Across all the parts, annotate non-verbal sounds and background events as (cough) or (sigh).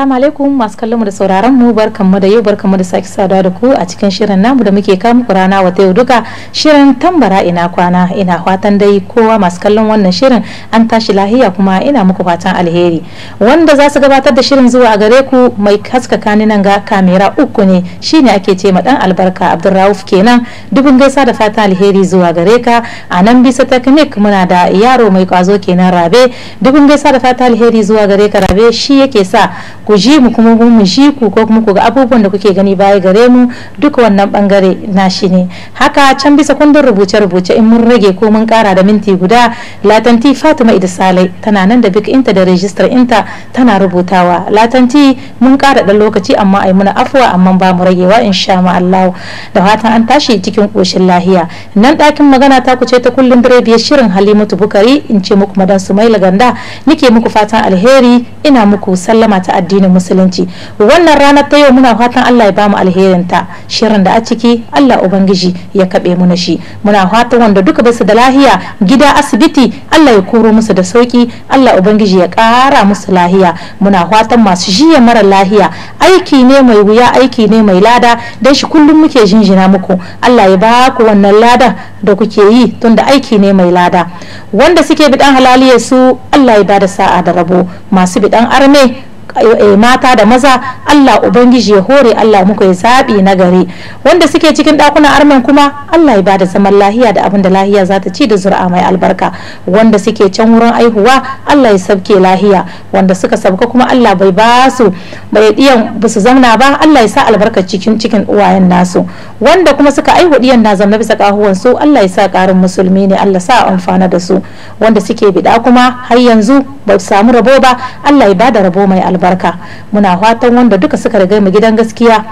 Assalamu alaikum masu kallon mu da sauraron mu barkanmu da yau mu da sake saduwa da ku a cikin shirin namu da muke kan rana wata yau duka shirin tambara ina kwana ina fatan dai kowa masu kallon wannan shirin an tashi lahiya kuma ina muku fatan alheri wanda za su gabatar da shirin zuwa a gare ku mai haskaka ni nan ga kamera uku ne shine ake ce ma dan albarka Abdulrauf kenan dubin gaisa da fatan alheri zuwa gare ka a nan bisa technique muna da yaro mai kwazo kenan Rabe dubin gaisa da fatan alheri zuwa gare ka Rabe shi yake sa ku ji mu kuma mu ji ku ko kuma ku ga abubuwan da kuke gani baya gare mu duk wannan bangare na shi ne haka can bisa kundin rubuce-rubuce in mun rage ko mun kara da minti guda latanti fatima salai tana nan da bik inta da rajistar inta tana rubutawa latanti mun kara dan lokaci amma ai muna afuwa amma ba mu ragewa insha Allah da fatan an tashi cikin koshin lahiya nan ɗakin magana ta kuce ta kullum biyar shirin halimatu bukari in ce muku madan sumaila ganda nike muku fatan alheri ina muku sallama ta addini addinin musulunci wannan rana ta yau muna fatan Allah ya bamu alherin ta shirin da a ciki Allah ubangiji ya kabe mu shi muna fatan wanda duka basu da lahiya gida asibiti Allah ya koro musu da sauki Allah ubangiji ya kara musu lahiya muna fatan masu jiya mara lahiya aiki ne mai wuya aiki ne mai lada dan shi kullum muke jinjina muku Allah ya ba ku wannan lada da kuke yi tunda aiki ne mai lada wanda suke bidan halaliyar su Allah ya bada sa'a da rabo masu bidan arme Eh, mata da maza Allah ubangiji ya hore Allah muku ya zabi na gare wanda suke cikin dakunan arman kuma Allah ya bada zaman lahiya da abin da lahiya za ta ci da zuri'a mai albarka wanda suke can wurin aihuwa Allah ya sabke lahiya wanda suka sabka kuma Allah bai ba su bai diyan su zauna ba Allah ya sa albarka cikin cikin uwayen nasu wanda kuma suka aihu diyan na zamna bisa kahuwan su Allah ya sa karin musulmi ne Allah sa amfana da su wanda suke biɗa kuma har yanzu ba su samu rabo ba Allah ya bada rabo mai albarka albarka muna fatan wanda duka suka riga mu gidan gaskiya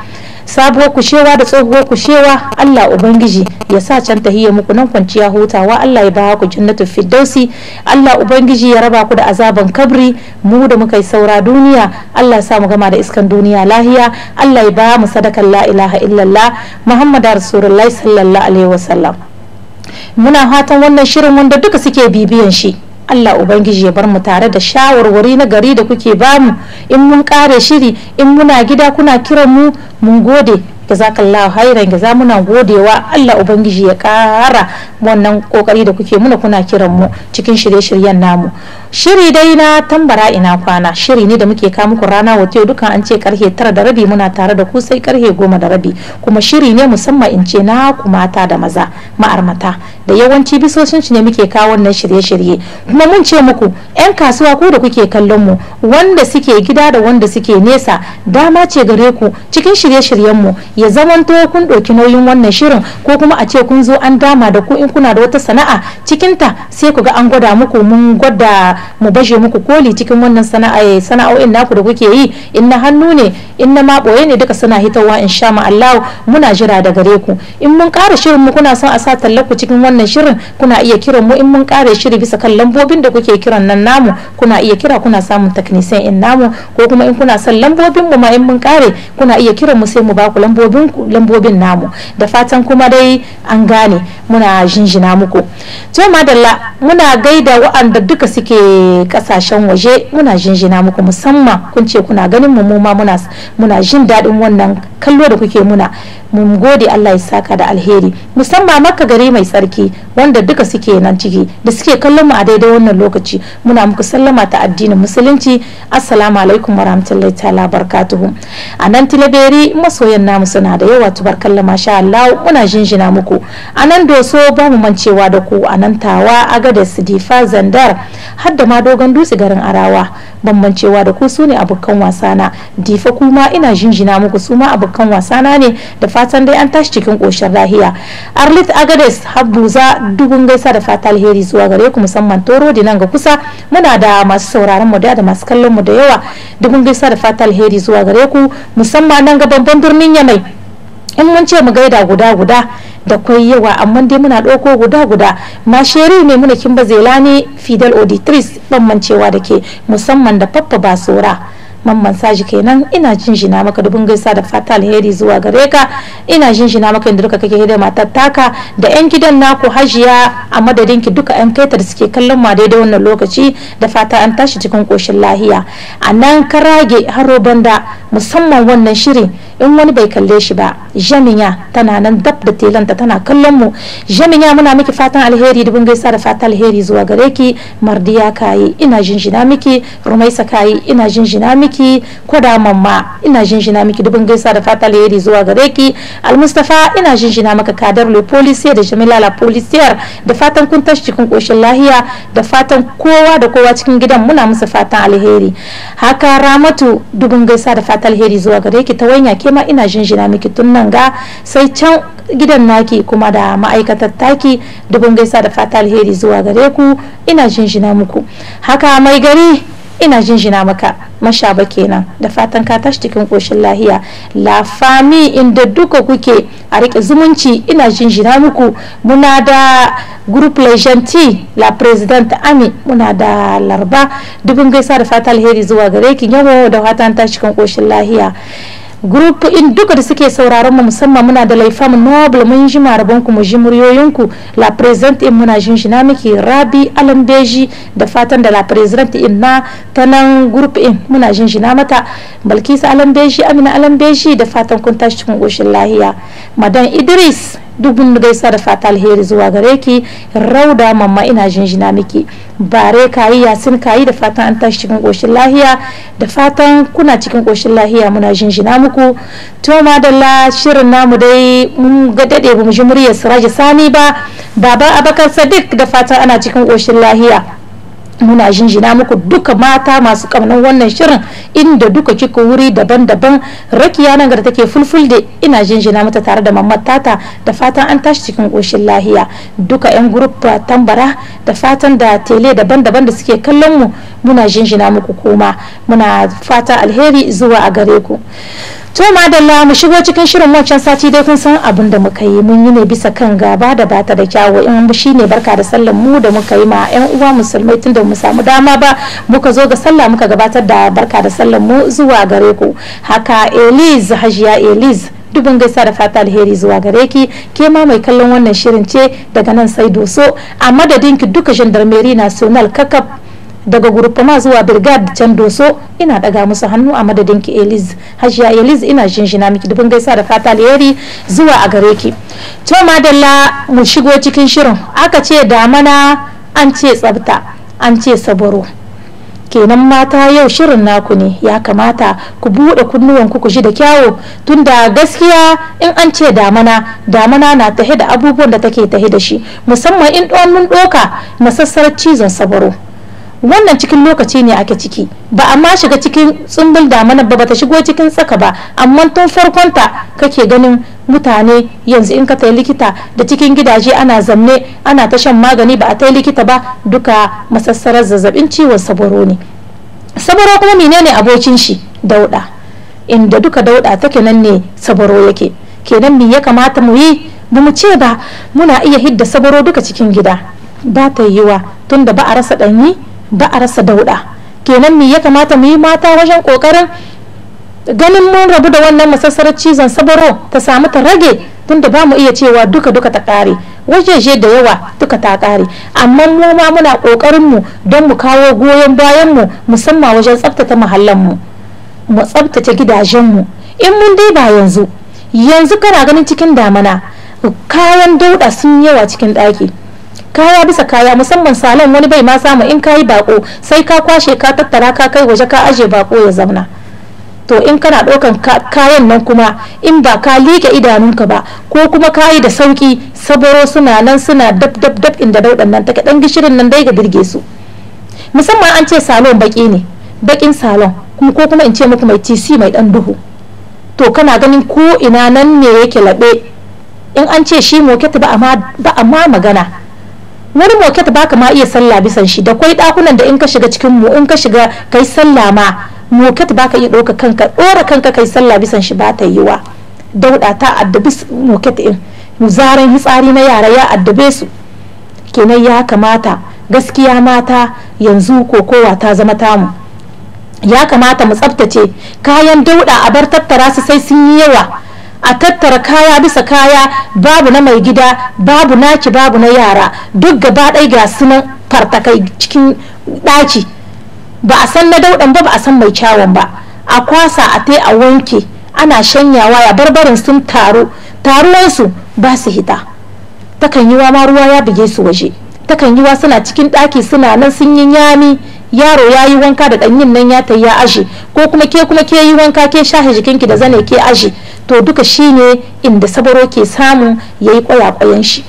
sabuwar kushewa da tsohuwar kushewa Allah ubangiji ya sa can tahiyya muku nan kwanciya hutawa Allah ya ba ku jannatu fiddausi Allah ubangiji ya raba ku da azaban kabri mu da muka yi saura duniya Allah ya sa mu gama da iskan duniya lahiya Allah ya ba mu sadakan la ilaha illallah Muhammadu Rasulullahi sallallahu alaihi wasallam muna fatan wannan shirin wanda duka suke bibiyan shi Allah Ubangiji ya bar mu tare da shawarwari na gari da kuke bamu in mun kare shiri in muna gida kuna kiran mu mun gode lawa hairan za muna godewa Allah ubangiji ya kara wannan kokari da kuke muna kuna kiran mu cikin shirye-shiryen namu shiri dai na tambara ina kwana shiri ne da muke kawo muku rana wato dukan an ce karhe tara da rabi muna tare da ku sai karhe goma da rabi kuma shiri ne musamman in ce na ku mata da maza ma'armata da yawanci bisoshin ne muke kawo wannan shirye-shirye kuma mun ce muku 'yan kasuwa ku da kuke kallon mu wanda suke gida da wanda suke nesa dama ce gare ku cikin shirye-shiryen mu ya zamanto kun ɗauki nauyin wannan shirin ko kuma a ce kun zo an dama da ku in kuna da wata sana'a cikinta sai ku ga an gwada muku mun gwada mu baje muku koli cikin wannan sana'a eh, sana'o'in naku da kuke yi in na hannu ne in na maɓoye ne duka suna hitowa in sha mu Allah muna jira da gare ku in mun ƙara shirin mu kuna son a sa tallaku cikin wannan shirin kuna iya kiran mu in mun kare shiri bisa kan lambobin da kuke kiran nan namu kuna iya kira kuna samun taknisan in namu ko kuma in kuna son lambobin mu ma in mun ƙare kuna iya kiran mu sai mu ba ku lambobin lambobin namu da fatan kuma dai an gane muna jinjina muku to madalla muna gaida wa'anda duka suke kasashen waje muna jinjina muku musamman kun ce kuna ganin mu ma muna muna jin daɗin wannan kallo da kuke muna mun gode Allah ya saka da alheri musamman maka gari mai tsarki wanda duka suke nan ciki da suke kallon mu a daidai wannan lokaci muna muku sallama ta addinin musulunci assalamu alaikum warahmatullahi ta'ala barkatuhu a nan tilaberi masoyan namu suna da yawa tubarkalla masha Allah muna jinjina muku anan doso ba mu mancewa da ku anan nan tawa gada sidifa zandar har da ma dogon dutse garin arawa bambancewa da ku su ne abokan wasana difa kuma ina jinjina muku su ma abokan wasana ne da fatan dai an tashi cikin koshin lahiya arlit agades habuza dubun gaisa da fata alheri zuwa gare ku musamman toro nan ga kusa muna da masu sauraron mu da masu kallon mu da yawa dubun gaisa da fata alheri zuwa gare ku musamman nan ga babban birnin yamai in mun ce mu gaida guda guda da kwai yawa amma dai muna ɗauko guda guda masheri ne muna kimba ne fidel auditrice ban mancewa da ke musamman da faffa basora mamman saji kenan ina jinjina maka dubin gaisa da fata alheri zuwa gare ka ina jinjina maka inda duka kake hidda matar taka da yan gidan naku hajiya a madadin ki duka yan kaita da suke kallon ma daidai wannan lokaci da fata an tashi cikin koshin lahiya a nan ka rage haro banda musamman wannan shirin in wani bai kalle shi ba jaminya tana nan dab da telanta tana kallon mu jamiya muna miki fatan alheri dubin gaisa da fata alheri zuwa gare ki mardiya kayi ina jinjina miki rumaisa kayi ina jinjina miki miki da mamma ina jinjina miki dubin gaisa da fata alheri zuwa gare ki almustafa ina jinjina maka kadar le policier da jamila la policier da fatan kun tashi cikin koshin lahiya da fatan kowa da kowa cikin gidan muna musu fatan alheri haka ramatu dubin gaisa da fata alheri zuwa gare ki ta wanya ke ma ina jinjina miki tun nan ga sai can gidan naki kuma da ma'aikatar taki dubin gaisa da fata alheri zuwa gare ku ina jinjina muku haka mai gari ina jinjina maka mashaba kenan da fatan ka tashi cikin koshin lahiya la fami inda duka kuke a rike zumunci ina jinjina muku muna da group legenti la president ami muna da larba dubin gaisa da fata alheri zuwa gare ki yawo da fatan tashi cikin koshin lahiya group in duka da suke sauraron mu musamman muna da laifam noble mun ji marabon ku mu ji muryoyin ku la president in muna jin shi na miki rabi alambeji da fatan da la president in na ta nan group in muna jin shi na mata balkisa alambeji amina alambeji da fatan kun tashi cikin koshin lahiya madan idris duk da gaisa da fata alheri zuwa gare ki rauda mamma ina jinjina miki bare kayi yasin kayi da fatan an tashi cikin koshin lahiya da fatan kuna cikin koshin lahiya muna jinjina muku to madalla shirin namu dai mun ga dade bamu ji muryar siraji sani ba baba abakar sadiq da fatan ana cikin koshin lahiya muna jinjina muku duka mata masu kamnan wannan shirin inda duka kika wuri daban-daban rakiya nan da take fulfulde ina jinjina mata tare da mamman tata da fatan an tashi cikin koshin lahiya duka yan grup tambara da fatan da tele daban-daban da suke kallon mu muna jinjina muku koma muna fata alheri zuwa a gare ku to madalla mu shigo cikin shirin wancan sati dai kun san abin da muka yi mun yi ne bisa kan gaba da bata da kyawu in shine barka da sallan mu da muka yi ma yan uwa musulmai tunda mu samu dama ba muka zo ga sallah muka gabatar da barka da sallan mu zuwa gare ku haka eliz hajiya eliz dubin gaisa da fata alheri zuwa gare ki ke ma mai kallon wannan shirin ce daga nan sai doso a madadin ki duka gendarmerie national kakaf daga gurfama zuwa birgad can doso ina daga musu hannu a madadin ki eliz hajiya eliz ina shinshina miki dubin gaisa da fata alheri zuwa a gare ki to madalla mu shigo cikin shirin aka ce da mana an ce tsabta an ce saboro kenan mata yau shirin naku ne ya kamata ku buɗe kunnuwanku ku ji da kyawo tunda gaskiya in an ce damana damana na tahe da abubuwan da take tahe da shi musamman in don mun ɗoka masassarar cizon saboro wannan cikin lokaci ne ake ciki ba amma shiga cikin tsumbul damana ba bata shigo cikin tsaka ba amma tun farkonta kake ganin mutane yanzu in ka tai likita da cikin gidaje ana zamne ana ta shan magani ba a tai likita ba duka masassarar zazzabin ciwon saboro ne saboro kuma menene abocin shi dauda inda duka dauda take nan ne saboro yake kenan me ya kamata mu yi ba mu ce ba muna iya hidda saboro duka cikin gida ba ta yiwa tunda ba a rasa danyi ba a rasa dauɗa kenan me ya kamata mu yi mata wajen kokarin ganin mun rabu da wannan masassarar cizon sabaro ta samu ta rage tunda ba mu iya cewa duka duka ta ƙare wajeje da yawa duka ta ƙare amma mu ma muna ƙoƙarin mu don mu kawo goyon bayan mu musamman wajen tsaftace muhallan mu mu tsaftace gidajen mu in mun dai ba yanzu yanzu kana ganin cikin damana kayan dauɗa sun yawa cikin ɗaki kaya bisa kaya musamman salon wani bai ma samu in kayi bako sai ka kwashe ka tattara ka kai waje ka aje bako ya zauna to in kana ɗaukan kayan nan kuma in ba ka liƙe idanunka ba ko kuma kayi da sauki saboro suna nan suna dab dab dab inda daudan nan take dan gishirin nan dai ga birge su musamman an ce salon baki ne bakin salon kuma ko kuma in ce muku mai tc mai dan duhu to kana ganin ko ina nan ne yake laɓe in an ce shi moketi ba amma magana wani moket baka ma iya sallah bisan shi da kwai dakunan da in ka shiga cikin mu in ka shiga kai sallah ma moket baka iya ɗauka kanka ɗora kanka kai sallah bisan shi ba ta wa. dauda ta addabi moket din zaren hitsari na yara ya addabe su kenan ya kamata gaskiya mata yanzu kokowa ta zama tamu ya kamata mu tsaftace kayan dauda a bar tattara su sai sun yi yawa a tattara kaya bisa kaya babu na mai gida babu naki babu na yara duk gaba ɗai ga sunan fartakai cikin ɗaki ba a san na dauɗan ba ba a san mai kyawun ba a kwasa a tai a wanke ana shanyawa ya barbarin sun taru taruwansu ba su hita takan yi wa ma ruwa ya buge su waje takan yi wa suna cikin ɗaki suna nan sun yi nyami yaro ya yi wanka da ɗanyin nan ya tayi ya aji ko kuma ke kuma ke yi wanka ke shahe jikinki da zane ke aji to duka shi shine inda sabaro ke samu ya yi ƙwayaƙwayan shi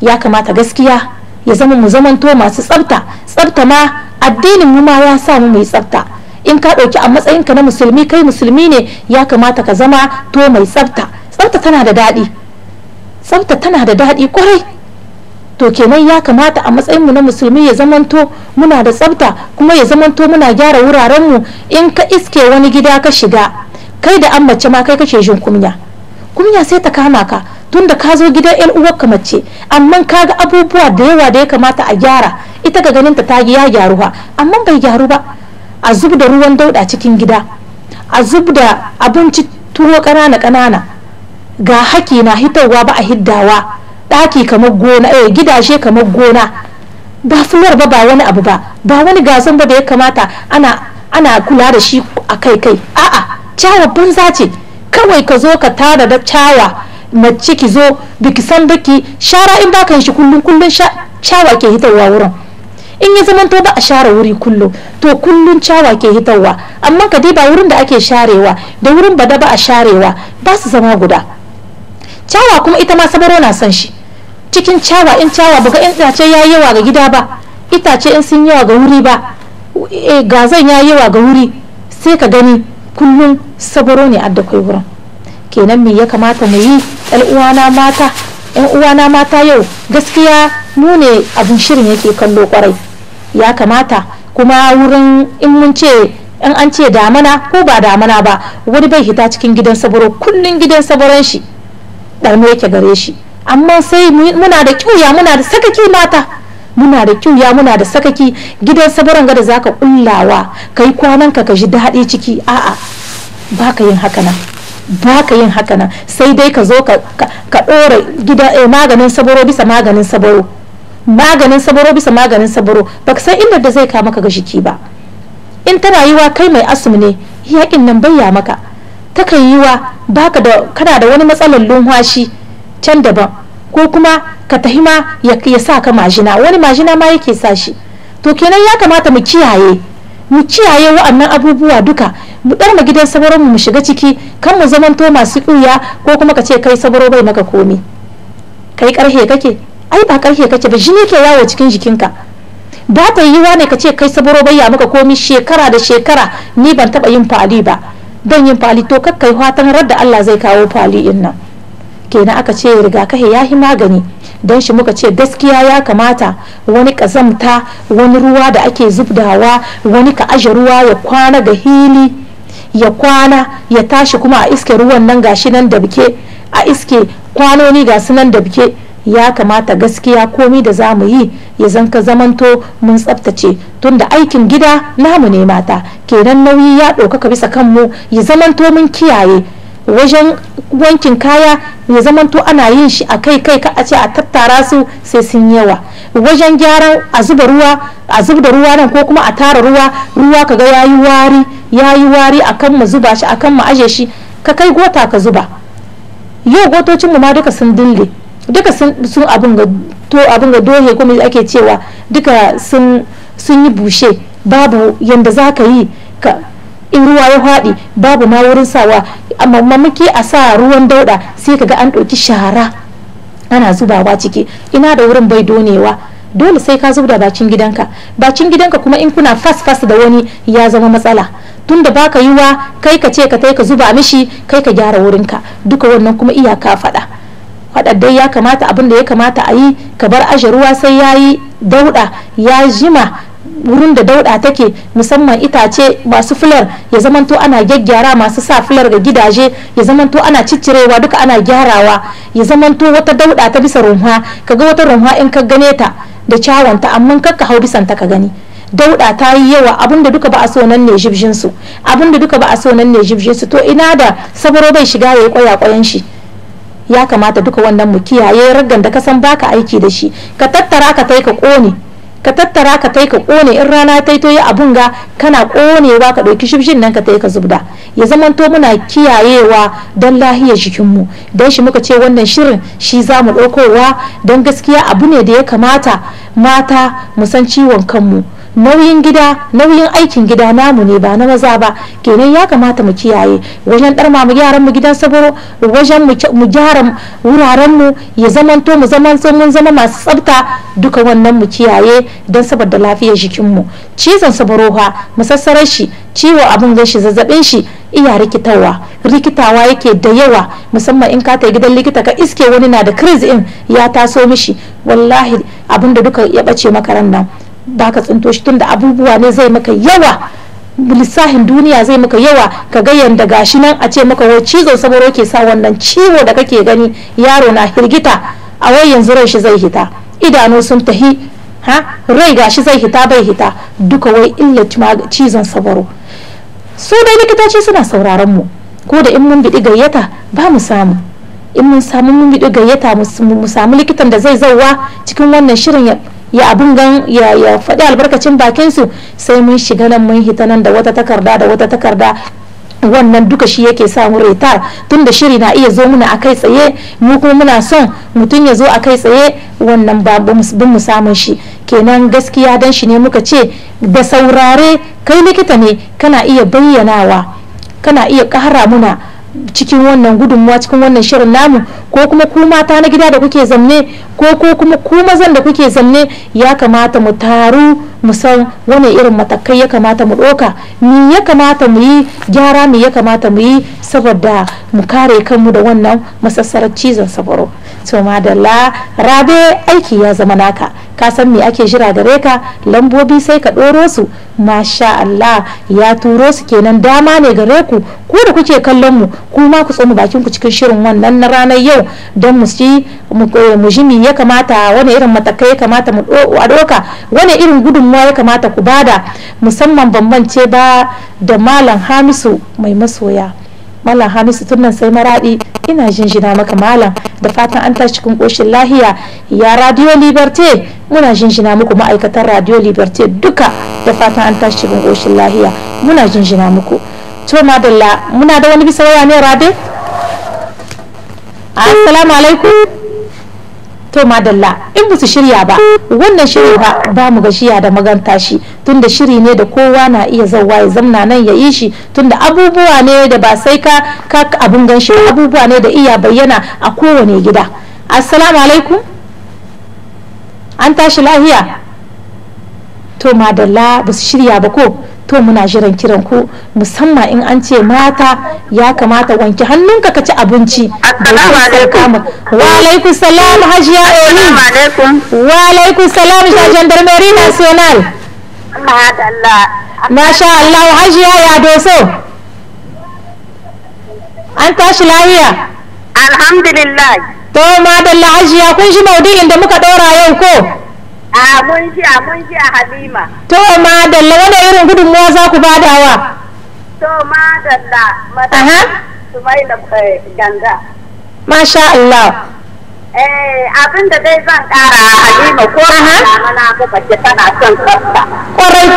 ya kamata gaskiya ya zama mu zamanto masu tsafta tsafta ma addinin mu ma ya samu mai tsafta in ka ɗauki a matsayin ka na musulmi kai musulmi ne ya kamata ka zama to mai tsafta tsafta tana da daɗi tsafta tana da daɗi kwarai to kenan ya kamata a matsayinmu na musulmi ya zamanto muna da tsabta kuma ya zamanto muna gyara wurarenmu in ka iske wani gida ka shiga kai da an mace ma kai kake jin kunya kunya sai ta kama ka tunda ka zo gidan yan uwarka mace amma ka ga abubuwa da yawa da ya kamata a gyara ita ga ganin ta ya gyaru ha amma bai gyaru ba a zub da ruwan dauda cikin gida a zub da abinci tuwo ƙanana ƙanana ga haki na hitowa ba a hiddawa daki kamar gona eh gidaje kamar gona ba fulor ba ba wani abu ba ba wani gasan ba da ya kamata ana ana kula da shi a kai kai a'a cawa banza ce kawai ka zo ka tara da cawa mace ki zo biki san biki shara in bakan shi kullum kullum cawa ke hitarwa wurin in ya zama to ba a share wuri kullum to kullum cawa ke hitarwa amma ka ba wurin da ake sharewa da wurin bada ba a sharewa ba su zama guda cawa kuma ita ma sabaro na son shi cikin cawa in cawa baka in itace ya yawa ga gida ba itace in sun yawa ga wuri ba eh, gazan ya yawa ga wuri sai ka gani kullum sabaro ne adda kai wurin kenan me ya kamata mu yi yan uwana mata yan uwana mata yau gaskiya mu ne abin shirin yake kallo kwarai ya kamata kuma wurin in mun ce in an ce damana ko ba damana ba wani bai hita cikin gidan sabaro kullun gidan sabaron shi ɗarme yake gare shi amma sai muna da kyuya muna da sakaki mata muna da kyuya muna da sakaki gidan sabaran gada zaka kullawa kai kwanan ka ka ji daɗi ciki a'a ka yin haka nan ka yin haka nan sai dai ka zo ka ɗora gida eh, maganin saboro bisa maganin saboro maganin saboro bisa maganin saboro ka san inda da zai kama ka ga jiki ba in ta rayuwa kai mai asum ne yakin nan bayya maka ta kan yiwa baka da kana da wani matsalar lumhashi can daban ko kuma ka tahima ya sa ka majina wani majina ma yake sa shi to kenan ya kamata mu kiyaye mu kiyaye wa'annan abubuwa duka mu dar mu gidan sabaron mu shiga ciki kan mu zamanto masu kuya ko kuma ka ce kai sabaro bai maka komi kai karhe kake ai ba karhe kake ba jini ke yawo cikin jikinka ba ta yiwa ne ka ce kai sabaro bai ya maka komi shekara da shekara ni ban taba yin fali ba dan yin fali to kakkai fatan radda Allah zai kawo fali in nan kenan aka ce rigakafi ya yi magani don shi muka ce gaskiya ya kamata wani kazamta wani ruwa da ake zubdawa wani ka aje ruwa ya kwana ga hili ya kwana ya tashi kuma a iske ruwan nan gashi nan da bike a iske kwanoni ga nan da bike ya kamata gaskiya komi da zamu yi ya zanka zamanto mun tsabtace tunda aikin gida namu ne mata kenan nauyi ya ɗaukaka bisa kanmu ya zamanto mun kiyaye wajen wankin kaya ya zamanto ana yin shi a kai kai ka a ce a tattara su sai sun yawa wajen gyaran a zuba ruwa a zuba ruwa nan ko kuma a tara ruwa ruwa kaga yayi wari yayi wari akan mu zuba shi akan mu aje shi ka kai gota ka zuba yau gotocin mu ma duka sun dille duka sun sun abin ga to abin ga dohe kuma ake cewa duka sun sun yi bushe babu yanda za yi in ruwa ya faɗi babu ma wurin sawa amma mamaki a sa ruwan dauɗa sai kaga an ɗauki shara ana zubawa ciki ina da wurin bai donewa dole sai ka zubda bacin gidanka bacin gidanka kuma in kuna fas fas da wani ya zama matsala tunda baka yi kai ka ce ka tai ka zuba mishi kai ka gyara wurin ka duka wannan kuma iyaka faɗa faɗa dai ya kamata abin da ya kamata a yi ka bar aje ruwa sai ya yi dauɗa ya jima wurin da dauda take musamman itace masu fular ya zamanto ana gyaggyara masu sa fular ga gidaje ya zamanto ana ciccirewa duka ana gyarawa ya zamanto wata dauda ta bisa runha kaga wata runha in ka gane ta da kyawanta amma kakka hau bisan ta ka gani dauda ta yi yawa abinda duka ba a so nan ne jibjin su abinda duka ba a so nan ne jibjin su to ina da sabro bai shiga yayi koya koyan shi ya kamata duka wannan mu kiyaye raggan da ka san baka aiki da shi ka tattara ka kai ka kone ka tattara ka tai ka kone in rana tai toyi abun ga kana konewa ka ɗauki shibshin nan ka tai ka zubda ya zamanto muna kiyayewa don lahiyar jikinmu don shi muka ce wannan shirin shi za mu ɗaukowa don gaskiya abu ne da ya kamata mata mu san ciwon kanmu nauyin gida nauyin aikin gida namu ne ba na maza ba kenan ya kamata mu kiyaye wajen ɗarma mu gyaran mu gidan saboro wajen mu gyara wuraren mu ya zamanto mu zaman mun zama masu tsabta duka wannan mu kiyaye don saboda lafiyar jikin mu cizon saboro ha musassarar shi ciwo abin gashi zazzabin shi iya rikitawa rikitawa yake da yawa musamman in ka tai gidan likita ka iske wani na da kriz in ya taso mishi wallahi abinda duka ya bace makaran nan baka tsinto shi tunda abubuwa ne zai maka yawa lissahin duniya zai maka yawa ka ga yanda gashi nan a ce maka wai cizon saboro ke sa wannan ciwo da kake gani yaro na hirgita a wai yanzu rai shi zai hita idanu sun tahi ha rai gashi zai hita bai hita duka wai illa cizon saboro su dai likitoci suna sauraron mu ko da in mun biɗi gayyata ba mu samu in mun samu mun biɗi gayyata mu samu likitan da zai zauwa cikin wannan shirin ya abin gan ya ya faɗi albarkacin bakin su sai mun shiga nan mun hita nan da wata takarda da wata takarda wannan duka shi yake sa mu tun tunda shiri na iya zo muna akai tsaye mu kuma muna son mutum ya zo akai tsaye wannan ba bin mu samun shi kenan gaskiya dan shi ne muka ce da saurare kai likita ne kana iya bayyanawa kana iya ƙara muna cikin wannan gudunmuwa cikin wannan shirin namu ko kuma ku mata na gida da kuke zanne ko ko kuma ku mazan da kuke zanne ya kamata mu taru mu san wani irin matakai ya kamata mu ɗoka mi ya kamata mu yi gyara mi ya kamata mu yi saboda mu kare kanmu da wannan masassarar cizon sabaro to madalla rabe aiki ya zama naka ka san me ake jira gare ka lambobi sai ka doro su masha Allah ya turo su kenan dama ne gare ku ku da kuke kallon mu kuma ku tsoma bakin ku cikin shirin wannan na ranar yau don mu ci eh, mu ji ya kamata wani irin matakai ya kamata mu a doka wani irin gudunmuwa ya kamata ku bada musamman bambance ba da malam Hamisu mai masoya malam hamisu tun sai maradi ina jinjina maka malam da fatan an tashi cikin koshin lahiya ya radio liberté muna jinjina muku ma'aikatan radio liberté duka da fatan an tashi cikin koshin lahiya muna jinjina muku to madalla muna da wani bisa waya ne rabe assalamu alaikum to madalla in ba su shirya ba wannan shirin ba ba mu gashiya da maganta shi tunda shiri ne da kowa na iya zauwa ya zamna nan ya yi shi tunda abubuwa ne da ba sai ka ka abun ganshi abubuwa ne da iya bayyana a kowane gida assalamu alaikum an tashi lahiya to madalla ba su shirya ba ko to muna jiran kiran ku musamman in an ce mata ya kamata wanke hannunka ka ci abinci assalamu alaikum wa alaikum salam hajiya oyi wa alaikum salam gendarmerie national masha Allah hajiya ya doso an tashi lafiya alhamdulillah to madalla hajiya kun ji maudu'in da muka ɗora yau ko A mun jiya mun jiya Halima. To ma dalla wani irin gudunmuwa za ku badawa? To ma dalla madalla da eh, ganga. Masha Allah. Eh, abin da dai zan kara halima ko mana ko mace tana son tsafta kwarai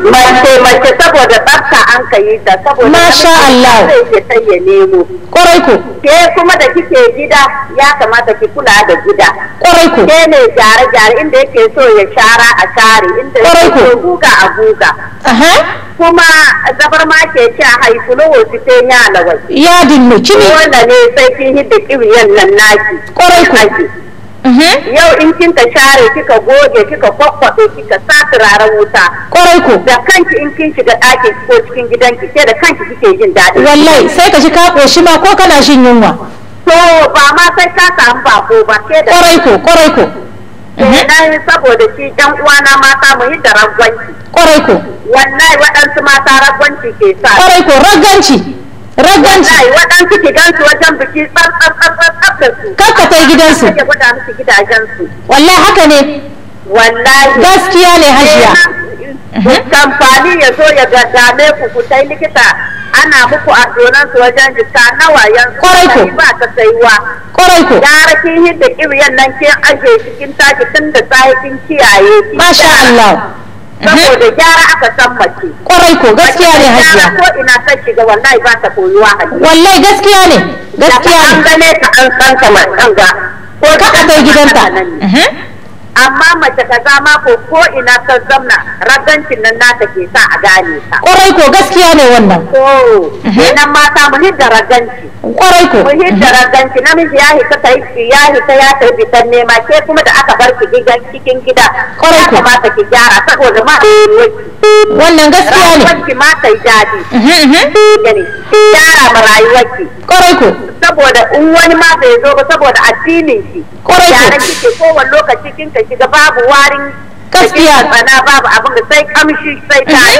ku mace mace saboda tsafta an ka yi ta saboda masha Allah sai ke sai ya nemo kwarai ku ke kuma da kike gida ya kamata ki kula da gida kwarai ku ke ne gyare gyare inda yake so ya shara a share inda yake so guga a guga kuma zabar ma ke ci a haifulo wasu ke ya lawai ya dinne kini wanda ne sai kin hidda kiwiyan nan naki kwarai aji mhm. yau in kinka share kika goge kika kwakwabe kika sa turaren wuta kwarai ko da kanki in kin shiga ɗakin ko cikin gidanki sai da kanki kike jin daɗi wallahi sai ka ji ka koshi ma ko kana jin yunwa to ba ma sai ka samu bako ba sai da kwarai ko kwarai ko kenan mhm. saboda shi ɗan uwana mata mu yi da ragwanci kwarai ko wallahi waɗansu mata ragwanci ke sa kwarai ko ragwanci ragwanci wallahi waɗansu ki gansu wajen biki tsaf da su gidansu musu gidajensu wallahi haka ne wallahi gaskiya ne hajiya eh, mhm. kamfani ya zo ya dame ku ku sai likita ana muku addonan su wajen jika nawa yanzu kwarai ko ba ta saiwa kwarai ko gara kin hidda kiwiyan nan kin aje cikin taki tun da tsaye kin kiyaye masha Allah saboda gyara aka san mace kwarai ko gaskiya ne hajiya ko ina san shiga wallahi ba ta koyuwa hajiya wallahi gaskiya ne gaskiya ne an gane ta an san ta mai kanga. ko ta kai gidanta amma mace ta zama ko ko ina ta zamna ragancin nan nata ke sa a gane ta kwarai ko gaskiya ne wannan Ko kenan mhm. mata mu hidda raganci kwarai ko mu hidda mhm. raganci namiji ya hita ta ya hita ya ta bitan nema ke kuma da aka bar ki gidan cikin gida kwarai ko ba ta ki gyara saboda ma wannan gaskiya ne rayuwarki ma ta jadi mhm, gyara ma rayuwarki kwarai ko saboda in wani ma bai zo ba saboda addinin ki kwarai ko kike kowane lokaci ka. ka shiga babu warin gaskiya bana babu abin da sai kamshi sai mhm. tare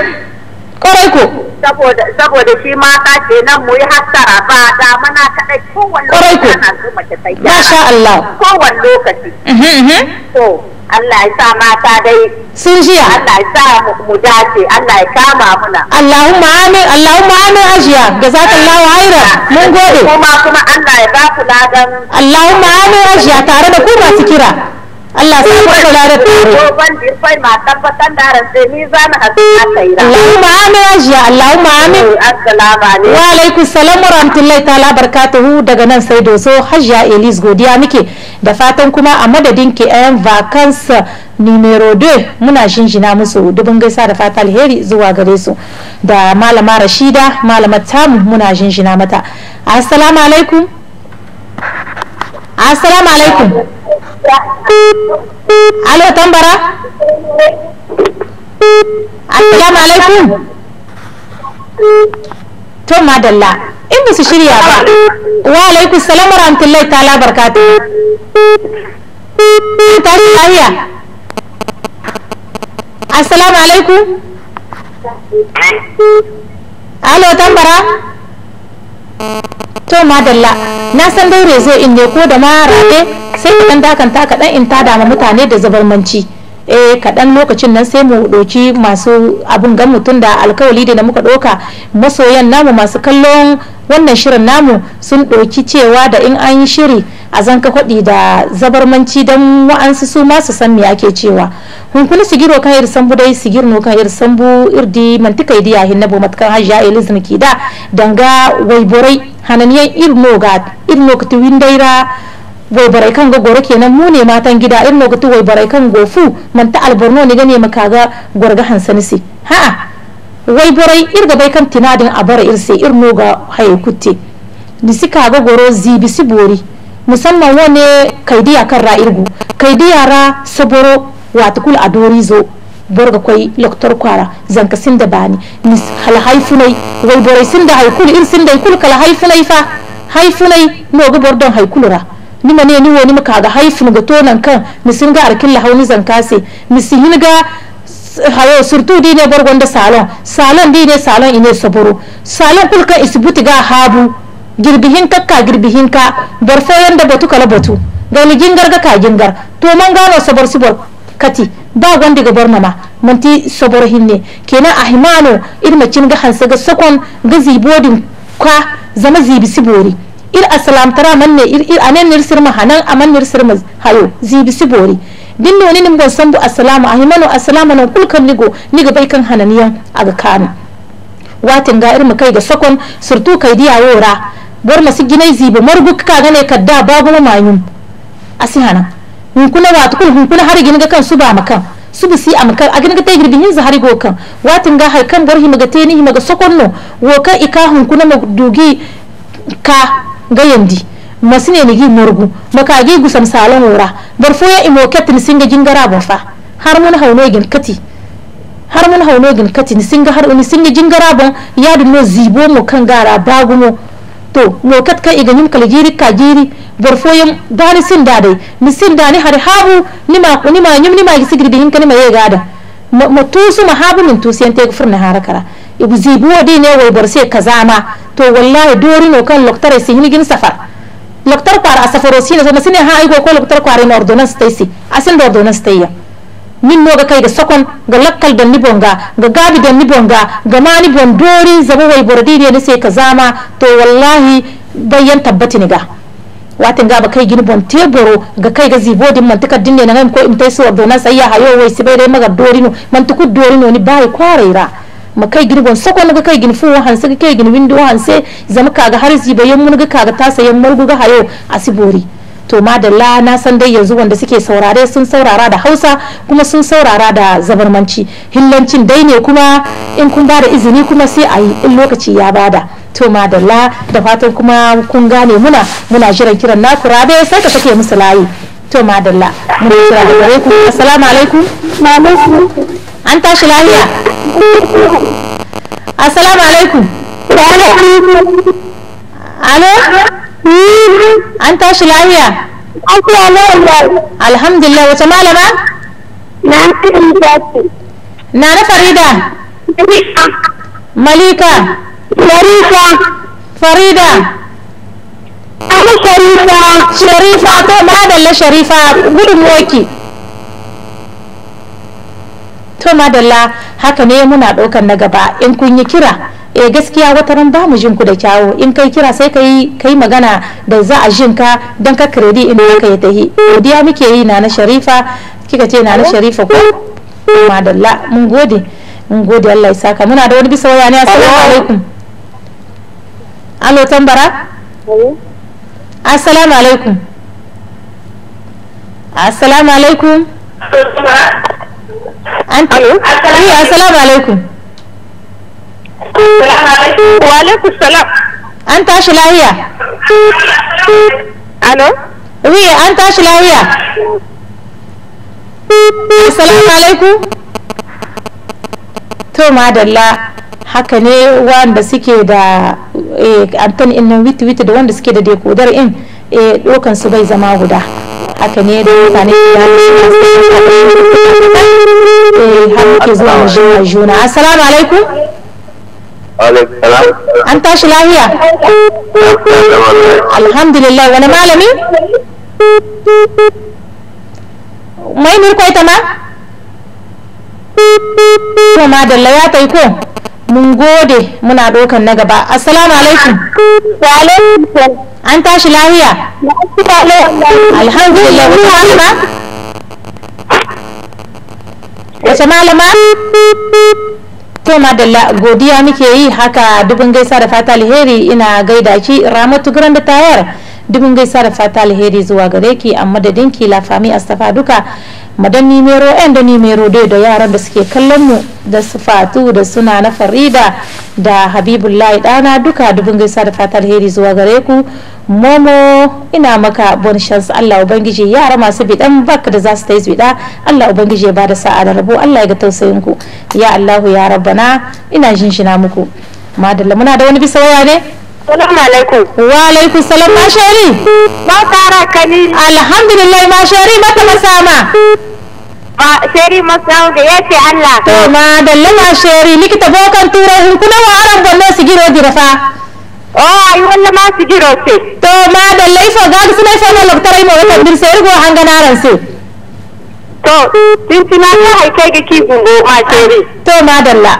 kwarai ko saboda saboda shi mata nan mu yi hasara ba da mana kadai kowanne lokaci ana so mace sai masha Allah kowanne lokaci mhm, mhm. to Allah ya sa mata dai sun jiya Allah ya sa mu dace Allah ya kama muna Allahumma amin Allahumma amin ajiya jazakallahu khairan mun gode kuma kuma Allah ya ba ku ladan Allahumma amin ajiya tare da ku masu kira Allah sai ku kula da tsaro to ban dir fai ma tabbatar da ran ni zan hasu akai Allahumma amin ya Allahumma amin eh, assalamu alaikum wa alaikum salam wa rahmatullahi ta'ala barkatuhu daga nan sai doso Hajja Elis godiya muke da fatan kuma a madadin ke ayan vacance numero 2 muna shinjina musu dubin gaisa da fata alheri zuwa gare su da malama Rashida malama tamu muna shinjina mata assalamu alaikum assalamu alaikum alo tambara assalamu alaikum to madalla in ba su shirya ba wa alaikum salam wa rahmatullahi ta'ala barkatu ta lahiya assalamu alaikum alo tambara to madalla na san daure zai in ne ko da ma rabe sai idan dakanta kaɗan in tada ma mutane da zabarmanci eh kaɗan lokacin nan sai mu ɗauki masu abun gan mutum da alkawali da muka ɗauka masoyan namu masu kallon wannan shirin namu sun ɗauki cewa da in an yi shiri a zanka kwaɗi da zabarmanci don wa'ansu su ma su san me ake cewa hunkuli sigiro kan ir sambu dai sigir no kan ir sambu irdi mantika idi ya hinna bo matkan hajja elizin da danga waiborai hananiyan irno ga irno kutu windaira waibarai kan gogoro kenan mu ne matan gida irin lokati waibarai kan gofu man ta alborno ne gane makaga hansa hansanisi ha wai irga bai kan tinadin a bara irse irno ga haye kutte disi ga goro zibi si bori musamman wane kaidiya kan ra irgu kaidiya ra saboro watakul a adori zo borga kwai loktor kwara zanka sin da bani nis hal haifunai wai sin da haikul ir sin da haikul kala haifunai fa haifunai mu ga bordon haikulura nima ne ni woni maka ga haifin ga tonan kan misin ga arkin la zankase misin ga hayo surtout dine borgonda salon salon dine salon ine saboro salon kulka isbuti ga habu girbihin kakka girbihin ka barfo yanda batu kala batu ni gingar ga ka gingar to man gano sabar bar kati ba wanda ga barnama manti sabar hinne kenan a himano irma cin ga hansa ga sakon ga zibodin kwa zama zibi sibori ir asalam man ne ir ir anen nir sirma hanan aman nir sirma hayo zibi sibori no ni nim gon sambu assalamu ahimano assalamu non kulkan nigo niga bai kan hananiyan aga kana watin ga irin kai ga sakon surtu kai diya wora bar masu ginai zibi marbu ka ne kadda babu mamayum asihana hunkuna watu kul hunkuna har gin ga kan su ba makan su bi si amkan a gin ga tay girbi hin zahari go kan watin ga har kan bor ga teni himaga sakon no wo kan ika hunkuna ma dugi ka gayandi masu ne nigi maka makagi gusam salon wura barfo ya imo katin singa jingara bafa har mun hauno gin kati har mun hauno gin kati ni singa har ni singa jingara bon ya no zibo mo kan gara bagumo to no kat ka iga nyum kala jiri ka jiri barfo yam dani sin dade ni sin dani har habu ni ma ni ma nyum ni ma da din kan ma ye gada ma tusu ma habu min tusiyan te furna harakara ziibuwo dhine way borse kazama to wallahi dorino kan loctore sihnigin safar loctor kwara asafarosina masine ha aygo ko loctor kwara ina ordonance taysi asinda ordonance tayya min noga kayga sokon ga lakkal dan nibonga ga gabi dan nibonga ga mani bon dori zaba way borodine ne sai kazama to wallahi bayyan tabbatini ga watin ga ba kai gini bon teboro ga kai ga zibodin man takar dinne na ko imtai su ordonance ayya hayo way sibai dai maga dorino man tuku dorino ni bai kwaraira ma kai girgon sakon ga kai gin fuwo hanse ga kai gin windo hanse zama kaga har ziba yan mun ga kaga tasa yan margu ga hayo sibori to madalla na san dai yanzu wanda suke saurare sun saurara da hausa kuma sun saurara da zabarmanci hillancin dai ne kuma in kun ba da izini kuma sai a yi in lokaci ya bada to madalla da fatan kuma kun gane muna muna jiran kiran naku rabe sai ka take musu layi تو ماذا لا السلام عليكم أنت شلاهية السلام عليكم ألو أنت شلاهية الحمد لله وسمع لما نانا فريدة مليكة فريدة Ali sharifa sharifa ko madalla sharifa gudun woki to madalla haka ne muna ɗaukar na gaba in kun yi kira eh gaskiya wata ran ba mu jin ku da kyawo in kai kira sai kai kai magana da za a jin ka dan ka kredi in ka ya tahi godiya muke yi na na sharifa kika ce na na sharifa ko madalla mun gode mun gode Allah ya saka muna da wani bisa waya ne assalamu alaikum alo tambara assalamu alaikum assalamu alaikum anti yi assalamu alaikum wa alaikum salam an tashi lahiya alo wi an tashi lahiya assalamu alaikum to madalla haka ne wanda suke da eh, antan in nan wita witi da wanda suke da dekodar in dokan eh, su bai zama guda haka ne da mutane da eh, har ke zuwa juna juna assalamu alaikum an tashi lafiya. alhamdulillah wani malami mai mirkwai ta ma? ma da laya ta ko mun gode muna ɗaukan na gaba assalamu alaikum an tashi lahiya alhamdulillah wata malama wace malama to madalla godiya muke yi haka dubin gaisa da fata alheri ina gaida ki ramatu grand tayar dubin gaisa da fata alheri zuwa gare ki a madadin ki lafami astafa duka madan nimero yan da nimero dai da yaran da suke kallon mu da sufatu da suna na farida da habibullahi dana duka dubin gaisa da fata alheri zuwa gare ku momo ina maka bon shans Allah ubangiji yara masu bidan bak da za su ta yi bida Allah ubangiji ya bada sa'a da rabo Allah ya ga tausayin ku ya Allahu ya rabbana ina jinjina muku madalla muna da wani bisa waya ne Salamu alaikum. Wa alaikum salam ma shari. Ba tara kani. Alhamdulillah ma shari mata masama. Ba shari masama da yace Allah. To ma dalla ma shari likita bokan turai in kuna wa aran bonne su giro dirafa. Oh ayi walla ma su giro se. To ma dalla ifo ga su ne fa loktarai mo wata dir sai go hanganaran se. To tintina ya haikai ga ki gungo ma shari. To ma dalla.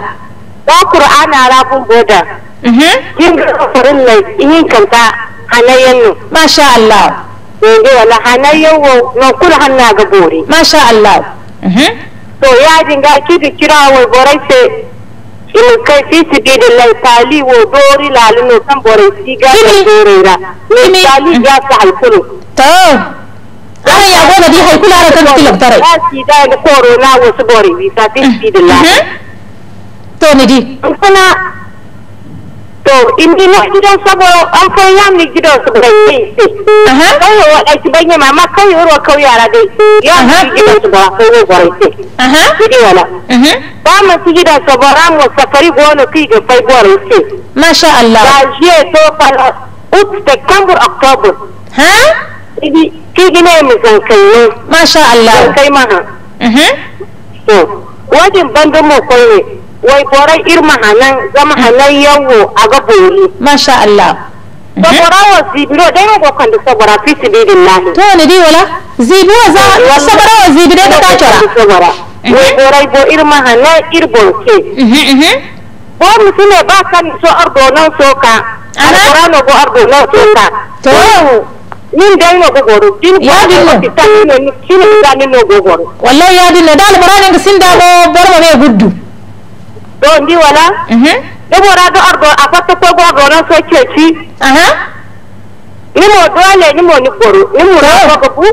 Ba Qur'ana rabun boda. kin farin lai in kanta hanayyan masha Allah yanzu wala hanayyan wo no kul hanna ga bori masha Allah to ya dinga kidi kira wo borai se in kai fi sibidi lai tali wo dori lalino san borai siga da dori ra ni tali ya sa halkulu to أنا يا أبونا دي هيكون على تلك الأبطار. لا سيدا الكورونا وسبوري بيساتي بيد الله. توني دي. أنا to indi na gidan sabo an ya yamni gidan su da yi kai wa da ki banye mama kai ruwa kau yara dai ya gidan su ba kai ruwa gore ce kidi wala mhm. ba mu su gidan sabo ran mu safari gona ki ga fai gore ce masha Allah ba je to fala ut september october ha idi ki gine mu san kai masha Allah kai mana mhm. wajin bandon mu koyi wai boran irma hanan zama hanan yawo a ga bori masha Allah sabora wa zibiro dai ga kan da sabora fi lahi. to ne di wala zibiro za sabora wa zibiro da tachora wai borai bo irma hanan iri bonke. bo musune ba kan so ardo nan soka alqur'ano bo ardo nan soka to min dai no gogoro din ko ko titan ne ni kini ne no gogoro wallahi ya dinna dal barane ga sinda bo barba ne guddu don ndi wala i do argo a fatta ko so ceci ni mo dole ni ni koro ni ra ko ku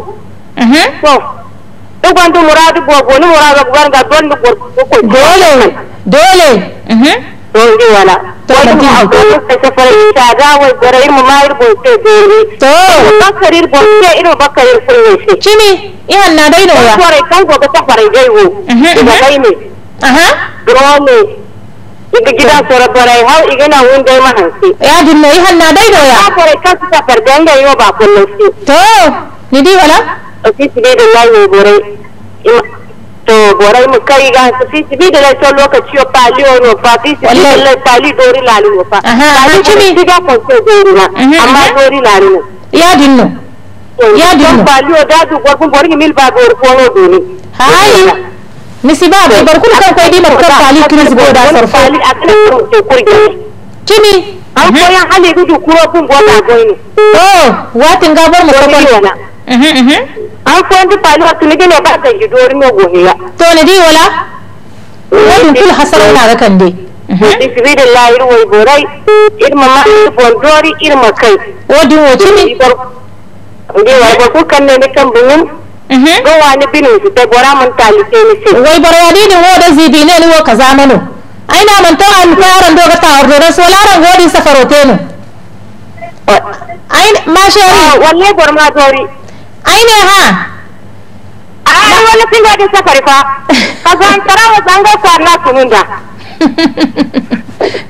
to do muradu bo go ni muradu go ga don ni koro ko dole dole mhm. don ndi wala to ndi ko se fara ta ga wai gore mu mai bo te dole to bakarir bo te bakarir kullu shi chimi ihan na dai no ya kore kan go ta fara dai wo mhm, mhm. dai ne Promise. Ita gida sore farai har igana wun dai mahansi. Ya dinne yi hanna dai da waya. Sore kasu ta fardan da yiwa ba kullum su. To, ni di wala? Ofisi dai da layi gore. to gorai mu kai ga su fi bi da laifin lokaci yo pali o no fa fi bi da laifin pali dori lali o fa pali ci mi diga ko so dori na amma dori lali no ya dinno ya dinno pali o da du gorgun borin mil ba gor ko no dori hai misiba bai bar kul kan koy di kan kali kinis da sarfa kali a ko kimi an hali gudu kuro kun gwa da goyi. oh watin gabar mu ko ne. Mhm, mhm an ko ndi pali ba ta jidori no go to ne di wala watin kul hasara na eh. rakan de mhm. bismillah irwai borai irma ma bondori irma kai wodin wo kimi ndi wa ko kan ne kan bunun Mhm. go wani binin su te bora mun talite ni se wai bora wadi ni wo da zibi ne ni wo kaza mano ai na man to an karan do ga tawar do da solaran godi safaro te no ai ma shari ah, wallahi bor ma dori ai ne ha ah, ai wala singa din safari fa kazan tarawa zanga kwarna kununda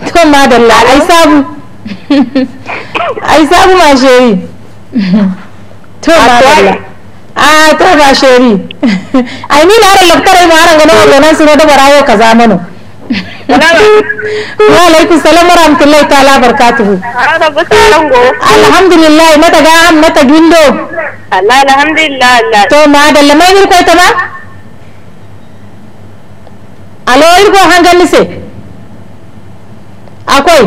(laughs) to madalla ai sabu (laughs) ai sabu ma shari (laughs) to madalla a to ga sheri ai ni na da laftar mu aran gano wallo nan sino yau ka za mana. wa alaikum salam wa rahmatullahi ta'ala barakatuhu alhamdulillah mata ga am mata gindo Allah alhamdulillah Allah to ma da lamai ni ko ta ba alo irgo hangal ni se akwai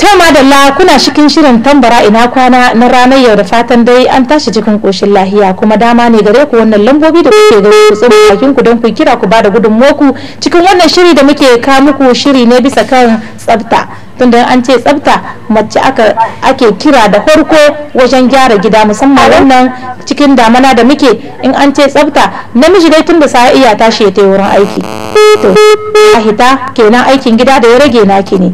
Tama da la kuna cikin shirin tambara ina kwana na ranar yau da fatan dai an tashi cikin koshin lahiya kuma dama ne gare ku wannan lambobi da kuke gare ku tsoron bakin ku don ku kira ku bada gudunmoku cikin wannan shiri da muke ka muku shiri ne bisa kan tsafta tunda an ce tsafta mace aka ake kira da farko wajen gyara gida musamman wannan cikin damana da muke in an ce tsafta namiji dai tunda sa iya tashi ya wurin aiki to a hita kenan aikin gida da ya rage naki ne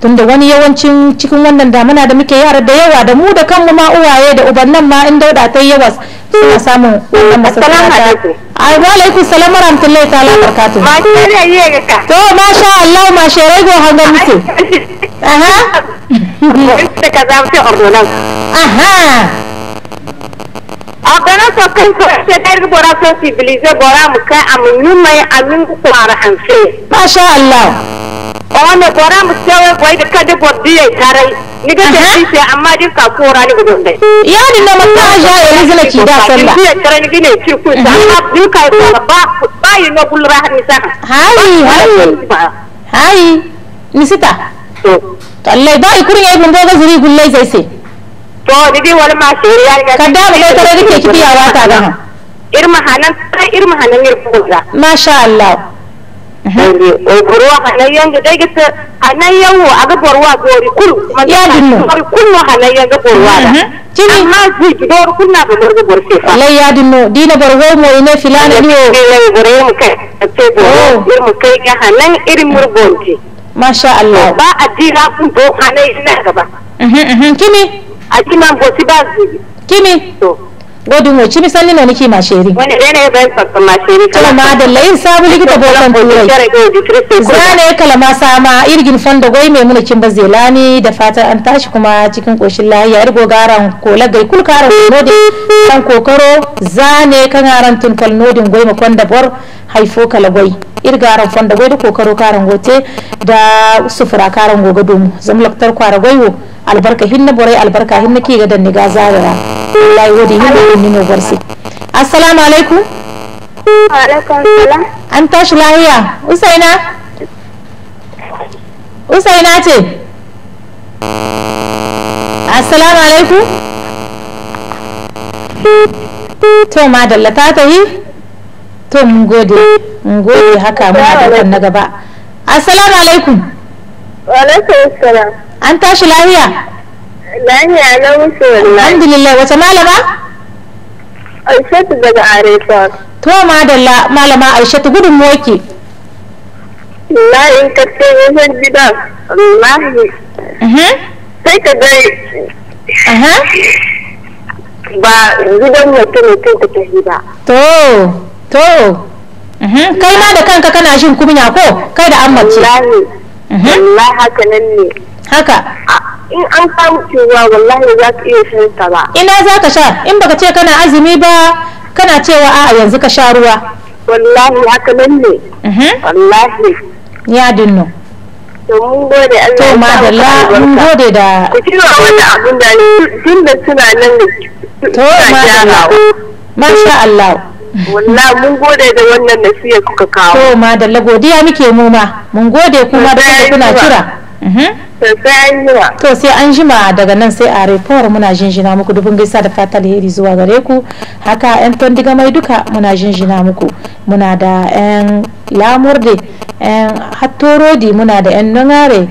tunda wani yawancin cikin wannan muna da muke yara da yawa da mu da kanmu ma uwaye da ubannan ma in dauda ta yawa suna samun wannan masarauta ai wa alaikum salam wa rahmatullahi ta'ala barakatuh ma shi ne yi ka to masha Allah ma shi rago ga muke aha ka za mu ce ordonan aha ordonan so kai ko ce da rigo ra sensibiliser bora mu kai amun mai amin ku mara hanse masha Allah ono koramu sewe koyde Ni boddiyey taray niga sesise amma din ka korani ugonde yani no masaja elizela cida sella diye taray nigine cirkuita amma din kay kora ba bayi no bul rahat ni sana hayi hayi hayi nisita to allai bayi kurin ay bungo ga zuri gullai sai sai to didi wani ma shiriya ni kada ga taray dike kiyawa ta ga irma hanan irma hanan ne kuga masha Allah وروح هنيان دقيقة هنيا وعقب وروا دوري كل ما دوري كل هنيا عقب وروا تيني ما في دور كلنا بمرق برسيفة لا يا دينو دينا برغوم وإنا فلان إنيو دينا برغوم كتبو يرمو كيكا هنان إرم مرغونتي ما شاء الله با أدينا كن بو هنيا نهبا كمي أدينا بوسي بازي كمي godin wace misali na nake masheri wani rene ben sakka masheri kalama da layin sabu likita bokan turai zane ya kalama sama irgin fanda goi mai muna kin bazelani da fatan an tashi kuma cikin koshin lahiya irgo garan kola gai kul karan node kan kokoro zane kan aran tun kal nodin goi makon da bor haifo kala goi irgaran fanda goi da kokaro karan gote da sufura karan goga domu zamlaktar kwara goiwo albarka hinna borai albarka hinna ke ga danne ga zarara rahmatullahi barsi assalamu alaikum an tashi lahiya usaina usaina ce assalamu alaikum to madalla ta tahi to mun gode mun gode haka na gaba assalamu alaikum wa alaikum an tashi lahiya Lafiya na musu wallahi. Alhamdulillah wata malama? Aishatu daga To malama Aishatu gudun moki. Na in ka ce wajen Sai ka ba gidan mutum mutum ta ba. To to. Kai ma da kanka kana shin kunya ko kai da haka nan ne. Haka. in an samu cewa wallahi za ka iya shan ta ba ina za ka sha in baka ce kana azumi ba kana cewa a'a yanzu ka sha ruwa wallahi haka nan ne mhm. wallahi ya dinno to mun gode Allah to madalla mun gode da ku ci wa wani abun da tun da suna nan to madalla masha Allah wallahi mun gode da wannan nasiya kuka kawo to madalla godiya muke mu ma mun gode kuma da kuna kira Mhm. to sai an jima daga nan sai a report muna jinjina muku dubin gaisa da fata alheri zuwa gare ku haka yan tondiga mai duka muna jinjina muku muna da yan lamurde yan hattorodi muna da yan nungare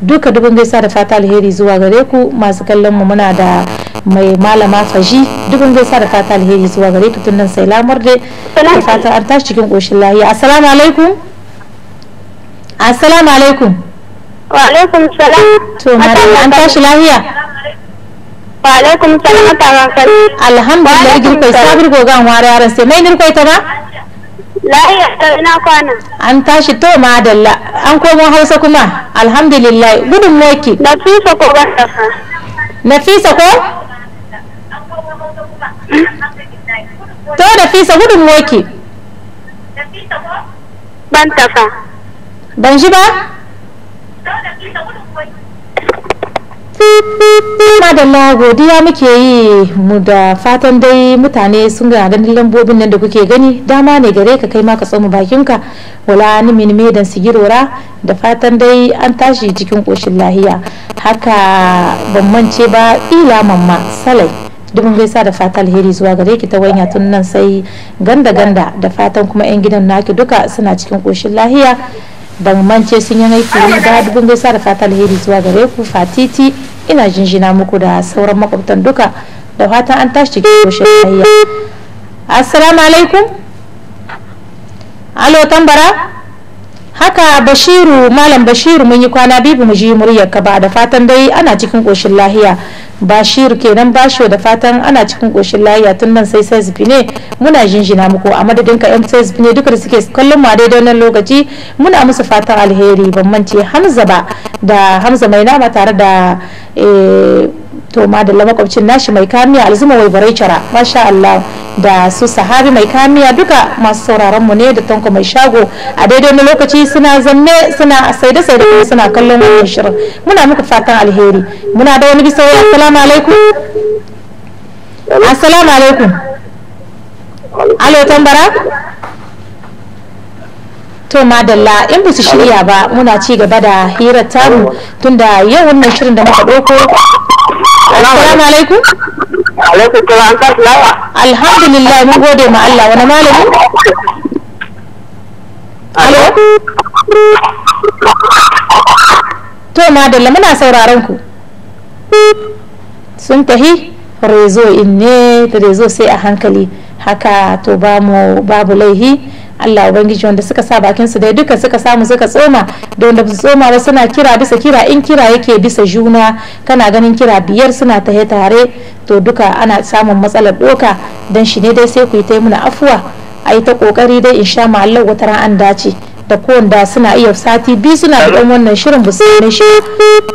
duka dubin gaisa da fata alheri zuwa gare ku masu kallon mu muna da mai malama faji dubin gaisa da fata alheri zuwa gare ku tun nan sai lamurde da fata an tashi cikin koshin lahiya assalamu alaikum assalamu alaikum Wa alaikum salam. To madam an tashi lafiya. Wa alaikum salam a taron kare. Alhamdulillah girkwai sabir gogan wara yaran sai mai ta ba? Lafiya ta ina kwana. An tashi to madalla an komo Hausa kuma alhamdulillah gudun moki. Nafisa ko ban tafa. ko? To gudun moki. Nafisa ko? Ban tafa. Ban shi ba? da madalla godiya muke yi mu da fatan dai mutane sun ga ganin lambobin nan da kuke gani dama ne gare ka kai ma ka tsamu bakinka wala ni me dan sigirora da fatan dai an tashi cikin koshin lahiya haka ban mance ba ila mamma salai dubin gaisa da fata alheri zuwa gare ki ta wanya tun nan sai ganda ganda da fatan kuma yan gidan naki duka suna cikin koshin lahiya ba mu mance sun yanayi ne ba dubin gaisa da fata alheri zuwa gare ku fatiti ina jinjina muku da sauran makwabtan duka da fatan an tashi cikin koshin hayya assalamu alaikum alo tambara haka bashiru malam bashiru mun yi kwana biyu mu ji muryar ka ba da fatan dai ana cikin koshin lahiya bashiru kenan basho da fatan ana cikin koshin lahiya tun nan sai sai ne muna jinjina muku a madadin ka yan sai ne duka da suke kallon ma daidai wannan lokaci muna musu fatan alheri ban mance hamza ba da hamza mai nama tare da eh, to madalla makwabcin nashi mai kamiya alzuma wai barai cara masha Allah da su sahabi mai kamiya duka masu sauraron mu ne da tanko mai shago a daidai na lokaci suna zanne suna saida saida kuma suna kallon wannan shirin muna muku fatan alheri muna da wani bisa wai assalamu alaikum assalamu alaikum alo tambara to madalla in ba su shirya ba muna ci gaba da hirar tamu tunda yau wannan shirin da muka ɗauko Assalamu alaikum. Alaikum salam ta lawa. Alhamdulillah mun gode ma Allah wani malami? Alo. To madalla muna sauraron ku. Sun tahi rezo in ne rezo sai a hankali haka to ba mu babu laihi Allah ubangiji wanda suka sa bakin su dai duka suka samu suka tsoma da wanda su tsoma ba suna kira bisa kira in kira yake bisa juna kana ganin kira biyar suna tahe tare to duka ana samun matsalar doka dan shi ne dai sai ku yi ta muna afuwa a yi ta kokari dai in sha Allah wata ran an dace da kowanda suna iya sati biyu suna da wannan shirin ba ne shi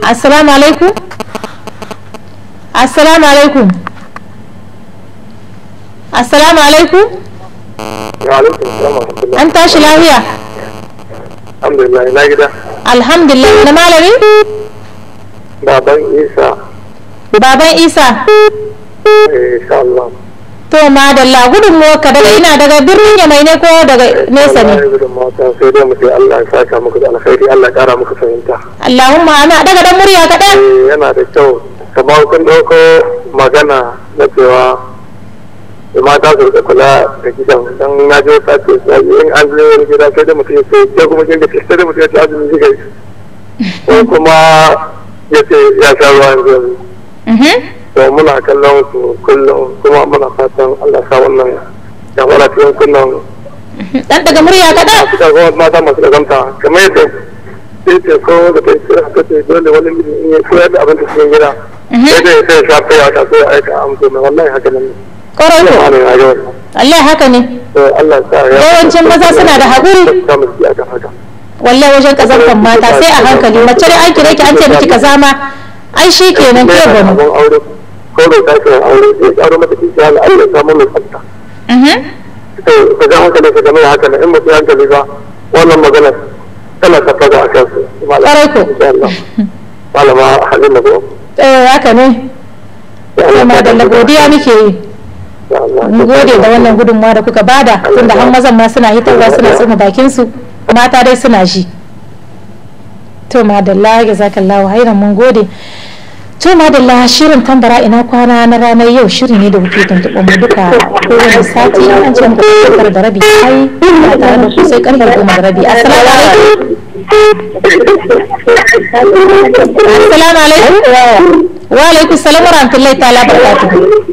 assalamu alaikum assalamu alaikum assalamu alaikum an tashi lafiya alhamdulillah na gida alhamdulillah na malami baban isa baban isa eh, insha Allah to madalla gudunmuwar ka daga ina daga birnin ya mai ne ko daga nesa ne sai dai mu sai Allah ya saka muku da alkhairi Allah ya kara muku fahimta Allahumma ana daga dan murya kaɗan eh, yana da kyau kamar kun dauko magana na cewa da mata su rika kula da gidan don na je ta ce ya yi in an zai wani gida sai da mutum ya ce ya kuma kin da ke sai da mutum ya ce azumi zai gaji ko kuma ya ce ya sha ruwa yanzu mm-hmm. to muna kallon su kullum kuma muna fatan Allah sa wannan da cikin kullum mm-hmm. dan daga murya kada su da gwamnati mata masu gazanta kamar yadda sai ce ko da kai kira ka ce dole wani mijin ya koyar da abin da suke gida mm-hmm. sai da ya sai shafe ya ta sai aika amsa mai wallahi haka nan ne ƙwararru Allah haka ne yawancin maza suna da haƙuri wallai wajen kazantar mata sai a hankali mace da an kire ki an ce miki kaza zama ai shi ke nan ke ba wannan magana tana tafaga a kansu ne kuma da godiya muke yi mun gode da wannan gudunmawa da kuka bada tunda har mazan ma suna hitarwa suna tsoma bakin su mata dai suna shi to madalla lawa hairan mun gode to madalla shirin tambara ina kwana na ranar yau shiri ne da kuke tuntuɓa mu duka kowane sati an ce muku kar da rabi ai ya tare da ku sai karfe goma da rabi assalamu alaikum assalamu alaikum wa alaikum salam wa rahmatullahi ta'ala barakatuh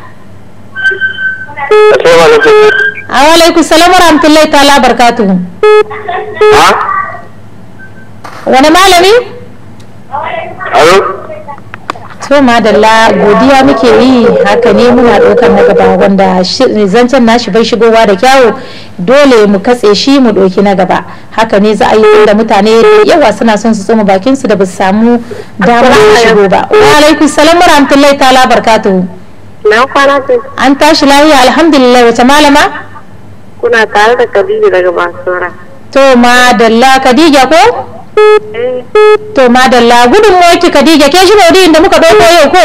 alaikum salam warahmatullahi ta'ala barkatuhu wani malami to madalla godiya muke yi haka ne muna ɗaukar na gaba wanda zancen nashi bai shigowa da kyawu dole mu katse shi mu ɗauki na gaba haka ne za a yi da mutane yawa suna son su tsoma bakin su da ba su samu damar shigo ba wa alaikum salam warahmatullahi ta'ala barkatuhu na kwana ce an tashi lafiya alhamdulillah wata malama kuna tare da Khadija daga Basura to madalla kadija ko eh. to madalla gudun moki kadija ke shi maudu'in da muka dauko yau ko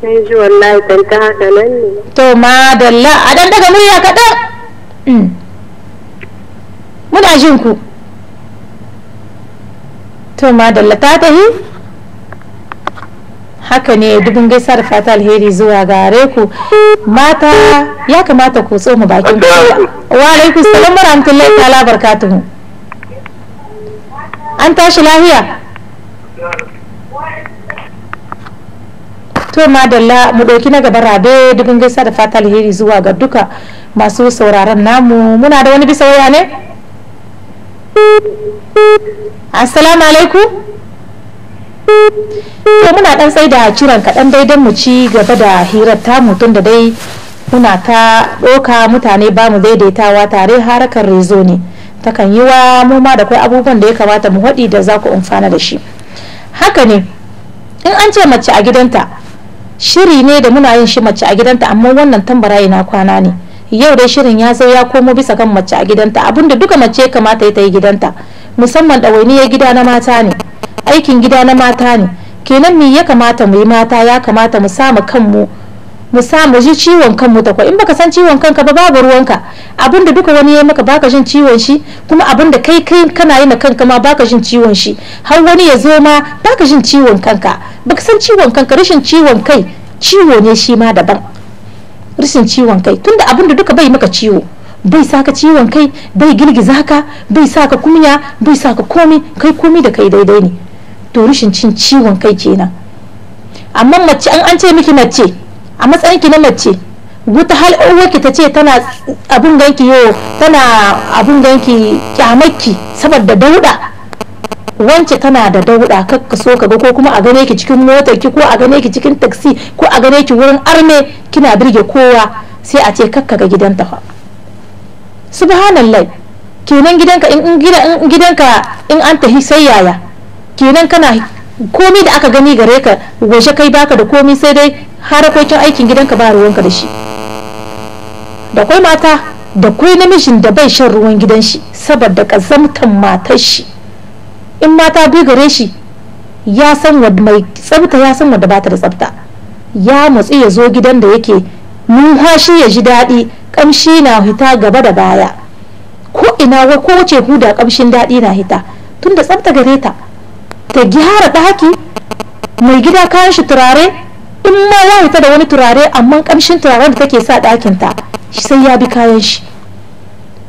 sai ji wallahi dan ta haka nan ne to madalla a dan daga murya kaɗan mm. muna jin ku to madalla ta tahi haka ne dubin gaisa da fata alheri zuwa gare ku mata ya kamata ku tsoma bakin ku wa alaikum salam wa ta'ala barakatuhu an tashi lahiya to madalla mu ɗauki na gaba rabe dubin gaisa da fata alheri zuwa ga duka masu sauraron namu muna da wani bisa waya ne assalamu alaikum to muna dan sai da kaɗan dai don mu ci gaba da hirar tamu tun da dai muna ta ɗoka mutane ba mu daidaitawa tare harakar rezo ne ta kan yi wa mu ma da kai abubuwan da ya kamata mu haɗi da za ku amfana da shi haka ne in an ce mace a gidanta shiri ne da muna yin shi mace a gidanta amma wannan tambara na kwana ne yau dai shirin ya zo ya komo bisa kan mace a gidanta abinda duka mace ya kamata ya ta yi gidanta musamman ɗawainiyar gida na mata ne aikin gida na mata ne kenan me ya kamata mu yi mata ya kamata mu samu kanmu mu samu ji ciwon kanmu ta in baka san ciwon kanka ba babu ruwanka abinda duka wani ya maka baka jin ciwon shi kuma abinda kai kai kana yi na kanka ma baka jin ciwon shi har wani ya zo ma baka jin ciwon kanka baka san ciwon kanka rashin ciwon kai ciwo ne shi ma daban rashin ciwon kai tunda abinda duka bai maka ciwo bai saka ciwon kai bai girgiza ka bai saka kumya bai saka komi kai komi da kai daidai ne to rashin cin ciwon kai kenan amma mace an an ce miki mace a matsayin ki na mace wuta hal uwarki ta ce tana abun ganki yo tana abun ganki kyamaki saboda dauda wance tana da dauda kakka so ka ga ko kuma a gane ki cikin motar ki ko a gane ki cikin taxi ko a gane ki wurin arme kina birge kowa sai a ce kakka ga gidanta fa subhanallah kenan gidanka in gidanka in an tahi sai yaya kenan kana komai da aka gani gare ka waje kai baka da komai sai dai harakokin aikin gidanka ba ruwanka da shi da kwai mata da kwai namijin da bai shan ruwan gidan shi saboda kazamtan matar shi in mata bi gare shi ya san wadda mai tsabta ya san wadda bata da tsabta ya matsi ya zo gidan da yake numfashi ya ji daɗi kamshi na hita gaba da baya ko ina wa kowace huda kamshin daɗi na hita tunda tsafta gare ta ta gyara ɗaki mai gida kayan shi turare in ma ya hita da wani turare amma kamshin turaren da take sa ɗakin ta sai ya bi kayan shi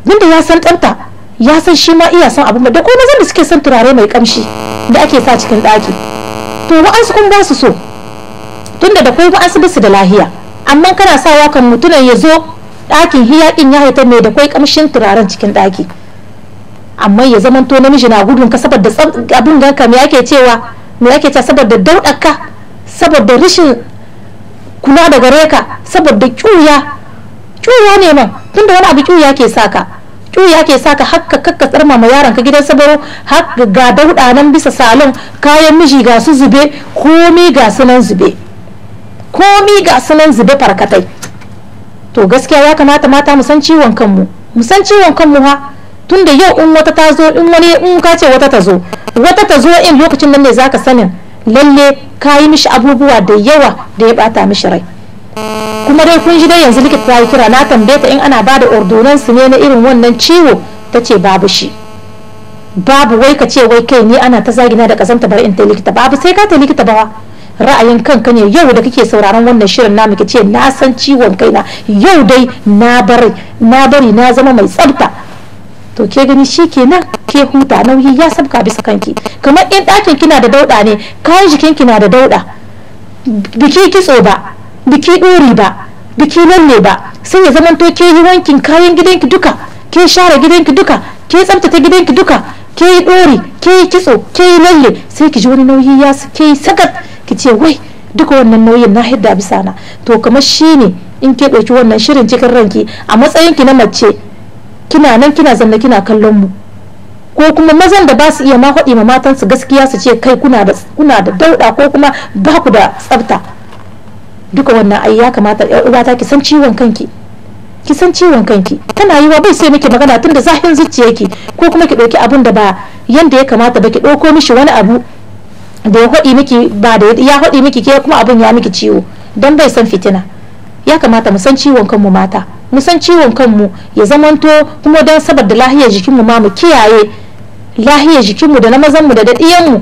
tunda ya san tsafta ya san shi ma iya san abu da ko mazan da suke son turare mai kamshi da ake sa cikin ɗaki to wa'ansu kun ba su so tunda da kai ba asibiti da lahiya amma kana sa kan mutunan ya zo ɗakin hiyakin ya haifar mai da kwai kamshin turaren cikin ɗaki amma ya zamanto to namiji na gudun ka saboda abin ganka me ake cewa me ake cewa saboda daudaka saboda rashin kula da gare ka saboda kyuya kyuya ne man tunda wani abu kyuya ke saka kyuya ke saka hakka kakka tsarma ma yaron ka gidan sabaro hakka ga dauda nan bisa salon kayan miji ga su zube komi ga su nan zube komi ga su nan zube farkatai to gaskiya ya kamata mata mu san ciwon kanmu mu san ciwon kanmu ha tunda yau in wata ta zo in wani in ka ce wata ta zo wata ta zo in lokacin nan ne zaka sanin lalle ka yi mishi abubuwa da yawa da ya bata mishi rai kuma dai kun ji dai yanzu likita ta yi kira na tambaye ta in ana bada ordonansu ne na irin wannan ciwo ta ce babu shi babu wai ka ce wai kai ni ana ta zagina da kazanta bar in ta likita babu sai ka ta likita ba ra'ayin kanka ne yau da kake sauraron wannan shirin namu ke ce na san ciwon kaina yau dai na bari na bari na zama mai tsafta to ke gani shi kenan ke huta nauyi ya sabka bisa kanki kamar in ɗakin kina da dauɗa ne kayan jikin kina da dauɗa biki kitso ba biki ɗori ba biki lalle ba sai ya zamanto ke yi wankin kayan gidanki duka ke share gidanki duka ke ta gidanki duka ke yi dore kitso ke lalle sai ki ji wani nauyi ya ke yi sakat ki ce wai duka wannan nauyin na hidda bisa na to kamar shine in ke ɗauki wannan shirin cikin ranki a matsayin ki na mace kina nan kina zanna kina kallon mu ko kuma mazan da ba su iya ma faɗi ma matansu gaskiya su ce kai kuna da kuna da dauda ko kuma ba ku da tsabta duka wannan ai ya kamata uwa ta ki san ciwon kanki ki san ciwon kanki tana yiwa bai sai miki magana tun da zafin zuciyarki ko kuma ki ɗauki abun da ba yanda ya kamata ba ki dauko mishi wani abu da ya hodi miki ba da ya hodi miki ke kuma abun ya miki ciwo dan bai san fitina ya kamata mu san ciwon kanmu mata mu san ciwon kanmu ya zamanto kuma don saboda lahiyar jikinmu ma mu kiyaye lahiyar jikinmu da na mazanmu da daɗiyanmu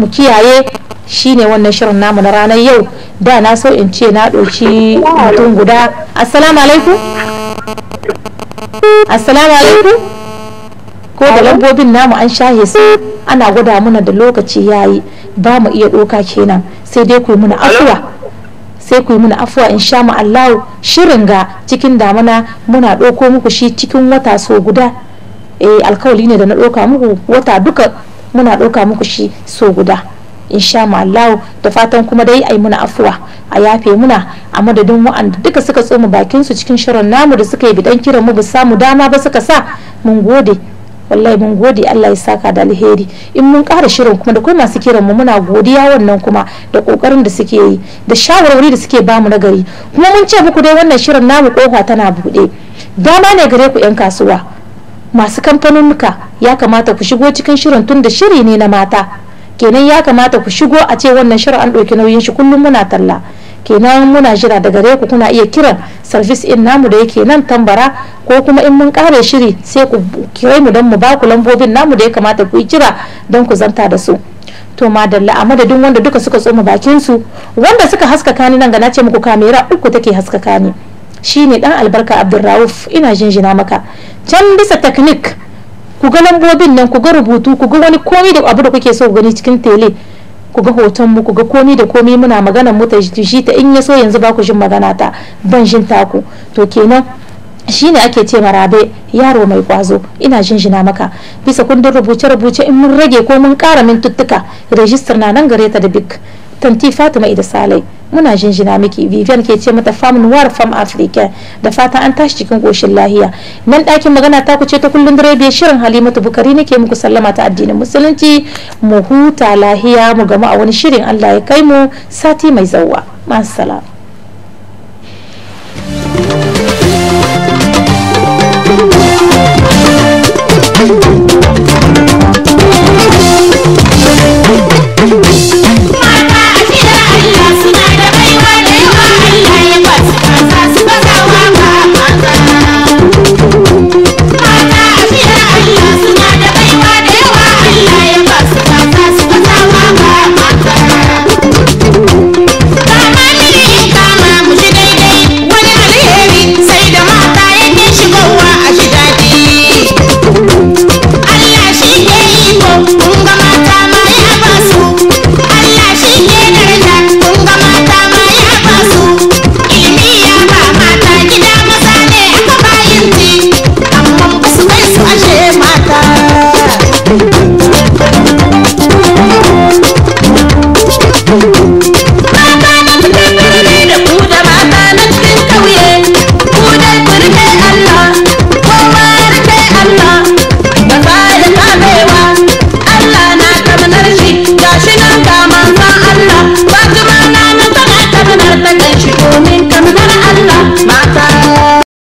mu kiyaye shine wannan shirin namu na ranar yau da na so in ce na ɗauki mutum guda assalamu alaikum assalamu alaikum ko da lambobin namu an shahe su ana gwada muna da lokaci yayi ba mu iya doka kenan sai dai ku yi muna afuwa sai ku yi muna afuwa in sha Allah shirin ga cikin damuna muna ɗauko muku shi cikin wata so guda eh alkawali ne da na ɗauka muku wata duka muna ɗauka muku shi so guda insha Allah da fatan kuma dai ai muna afuwa a yafe muna a madadin wa'anda duka suka tsoma bakin su cikin shirin namu da suka yi bidan kiran mu ba samu dama ba suka sa mun gode wallahi mun gode Allah ya saka da alheri in mun kara shirin kuma da kai masu kiran mu muna godiya wannan kuma da kokarin da suke yi da shawarwari da suke bamu na gari kuma mun ce muku dai wannan shirin namu kofa tana buɗe dama ne gare ku 'yan kasuwa masu kamfanonuka ya kamata ku shigo cikin shirin tun da shiri ne na mata kenan ya kamata ku shigo a ce wannan shirin an ɗauki nauyin shi kullum muna talla kenan muna jira da gare ku kuna iya kiran service in namu da yake nan tambara ko kuma in mun kare shiri sai ku kirai mu dan mu ba ku lambobin namu da ya kamata ku yi jira don ku zanta da su to madalla a madadin wanda duka suka tsoma bakin su wanda suka haskaka ni nan ga na ce muku kamera uku take haskaka ni shine dan albarka abdurrauf ina jinjina maka can bisa technique ku ga lambobin nan ku ga rubutu ku ga wani komi da abu da kuke so gani cikin tele ku ga hoton mu ku ga komi da komi muna magana mu ta shi ta in ya so yanzu ba ku jin magana ta ban jin taku to kenan shine ake ce marabe yaro mai kwazo ina jinjina maka bisa kundin rubuce-rubuce in mun rage ko mun kara mintuttuka rajistar na nan gare ta da bik tanti fatima ida salai muna jinjina miki vivian ke ce mata fam noir fam africa da fata an tashi cikin koshin lahiya nan ɗakin magana ta kuce ta kullum biyar shirin halimatu bukari nake muku sallama ta addinin musulunci mu huta lahiya mu gama a wani shirin allah ya kai mu sati mai zauwa masala Thank